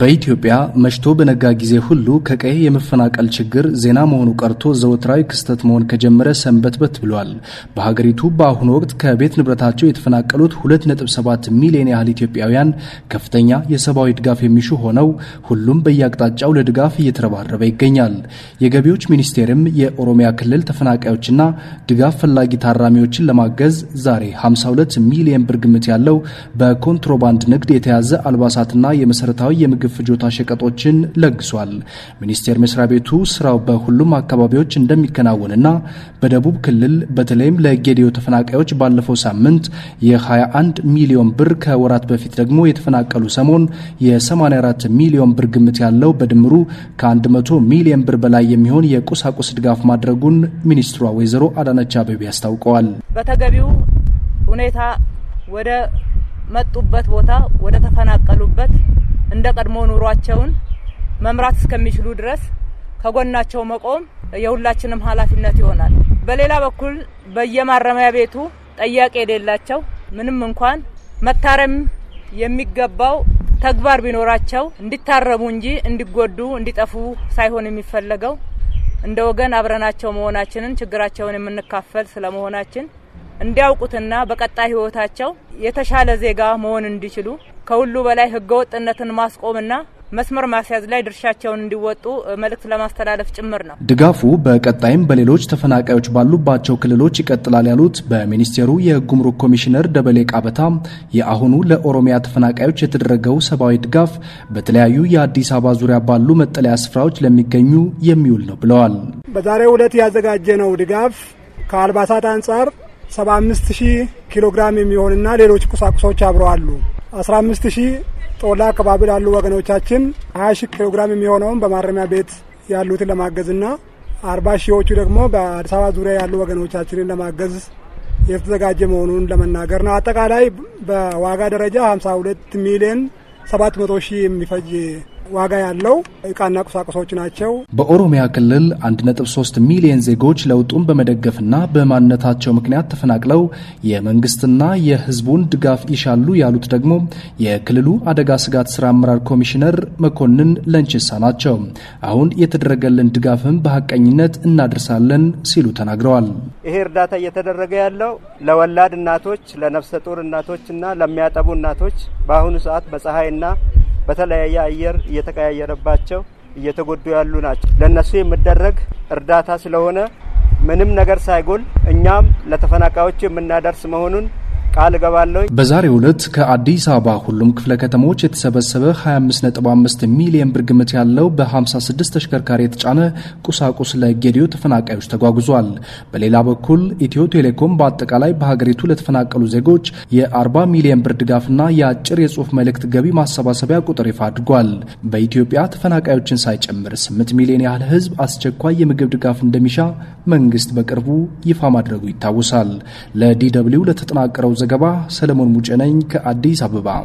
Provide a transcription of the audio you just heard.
በኢትዮጵያ መሽቶ በነጋ ጊዜ ሁሉ ከቀይ የመፈናቀል ችግር ዜና መሆኑ ቀርቶ ዘወትራዊ ክስተት መሆን ከጀመረ ሰንበት በት ብሏል። በሀገሪቱ በአሁኑ ወቅት ከቤት ንብረታቸው የተፈናቀሉት 2.7 ሚሊዮን ያህል ኢትዮጵያውያን ከፍተኛ የሰብአዊ ድጋፍ የሚሹ ሆነው ሁሉም በየአቅጣጫው ለድጋፍ እየተረባረበ ይገኛል። የገቢዎች ሚኒስቴርም የኦሮሚያ ክልል ተፈናቃዮችና ድጋፍ ፈላጊ ታራሚዎችን ለማገዝ ዛሬ 52 ሚሊዮን ብር ግምት ያለው በኮንትሮባንድ ንግድ የተያዘ አልባሳትና የመሰረታዊ የምግብ ፍጆታ ሸቀጦችን ለግሷል። ሚኒስቴር መስሪያ ቤቱ ስራው በሁሉም አካባቢዎች እንደሚከናወንና በደቡብ ክልል በተለይም ለጌዲዮ ተፈናቃዮች ባለፈው ሳምንት የ21 ሚሊዮን ብር ከወራት በፊት ደግሞ የተፈናቀሉ ሰሞን የ84 ሚሊዮን ብር ግምት ያለው በድምሩ ከ100 ሚሊዮን ብር በላይ የሚሆን የቁሳቁስ ድጋፍ ማድረጉን ሚኒስትሯ ወይዘሮ አዳነች አቤቤ አስታውቀዋል። በተገቢው ሁኔታ ወደ መጡበት ቦታ ወደ ተፈናቀ እንደ ቀድሞ ኑሯቸውን መምራት እስከሚችሉ ድረስ ከጎናቸው መቆም የሁላችንም ኃላፊነት ይሆናል። በሌላ በኩል በየማረሚያ ቤቱ ጠያቂ የሌላቸው ምንም እንኳን መታረም የሚገባው ተግባር ቢኖራቸው እንዲታረሙ እንጂ እንዲጎዱ እንዲጠፉ ሳይሆን የሚፈለገው እንደ ወገን አብረናቸው መሆናችንን ችግራቸውን የምንካፈል ስለመሆናችን እንዲያውቁትና በቀጣይ ሕይወታቸው የተሻለ ዜጋ መሆን እንዲችሉ ከሁሉ በላይ ህገወጥነትን ማስቆምና መስመር ማስያዝ ላይ ድርሻቸውን እንዲወጡ መልእክት ለማስተላለፍ ጭምር ነው። ድጋፉ በቀጣይም በሌሎች ተፈናቃዮች ባሉባቸው ክልሎች ይቀጥላል ያሉት በሚኒስቴሩ የጉምሩክ ኮሚሽነር ደበሌ ቃበታ የአሁኑ ለኦሮሚያ ተፈናቃዮች የተደረገው ሰብአዊ ድጋፍ በተለያዩ የአዲስ አበባ ዙሪያ ባሉ መጠለያ ስፍራዎች ለሚገኙ የሚውል ነው ብለዋል። በዛሬው ዕለት ያዘጋጀነው ድጋፍ ከአልባሳት አንጻር 75 ሺህ ኪሎ ግራም የሚሆንና ሌሎች ቁሳቁሶች አብረዋሉ። 15 ሺህ ጦላ አካባቢ ላሉ ወገኖቻችን 20 ሺህ ኪሎግራም የሚሆነውን በማረሚያ ቤት ያሉትን ለማገዝና አርባ ሺዎቹ ደግሞ በአዲስ አበባ ዙሪያ ያሉ ወገኖቻችንን ለማገዝ የተዘጋጀ መሆኑን ለመናገር ነው። አጠቃላይ በዋጋ ደረጃ 52 ሚሊዮን 700 ሺህ የሚፈጅ ዋጋ ያለው እቃና ቁሳቁሶች ናቸው። በኦሮሚያ ክልል 1.3 ሚሊዮን ዜጎች ለውጡን በመደገፍና በማንነታቸው ምክንያት ተፈናቅለው የመንግስትና የህዝቡን ድጋፍ ይሻሉ ያሉት ደግሞ የክልሉ አደጋ ስጋት ስራ አመራር ኮሚሽነር መኮንን ለንችሳ ናቸው። አሁን የተደረገልን ድጋፍም በሀቀኝነት እናደርሳለን ሲሉ ተናግረዋል። ይሄ እርዳታ እየተደረገ ያለው ለወላድ እናቶች፣ ለነፍሰ ጡር እና ለሚያጠቡ እናቶች በአሁኑ ሰዓት በፀሐይና በተለያየ አየር እየተቀያየረባቸው እየተጎዱ ያሉ ናቸው። ለእነሱ የሚደረግ እርዳታ ስለሆነ ምንም ነገር ሳይጎል እኛም ለተፈናቃዮች የምናደርስ መሆኑን ቃል እገባለሁ። በዛሬው ዕለት ከአዲስ አበባ ሁሉም ክፍለ ከተሞች የተሰበሰበ 255 ሚሊዮን ብር ግምት ያለው በ56 ተሽከርካሪ የተጫነ ቁሳቁስ ለጌዲዮ ተፈናቃዮች ተጓጉዟል። በሌላ በኩል ኢትዮ ቴሌኮም በአጠቃላይ በሀገሪቱ ለተፈናቀሉ ዜጎች የ40 ሚሊዮን ብር ድጋፍና የአጭር የጽሁፍ መልእክት ገቢ ማሰባሰቢያ ቁጥር ይፋ አድርጓል። በኢትዮጵያ ተፈናቃዮችን ሳይጨምር 8 ሚሊዮን ያህል ህዝብ አስቸኳይ የምግብ ድጋፍ እንደሚሻ መንግስት በቅርቡ ይፋ ማድረጉ ይታወሳል። ለዲ ደብልዩ ለተጠናቀረው ዘገባ ሰለሞን ሙጬ ነኝ ከአዲስ አበባ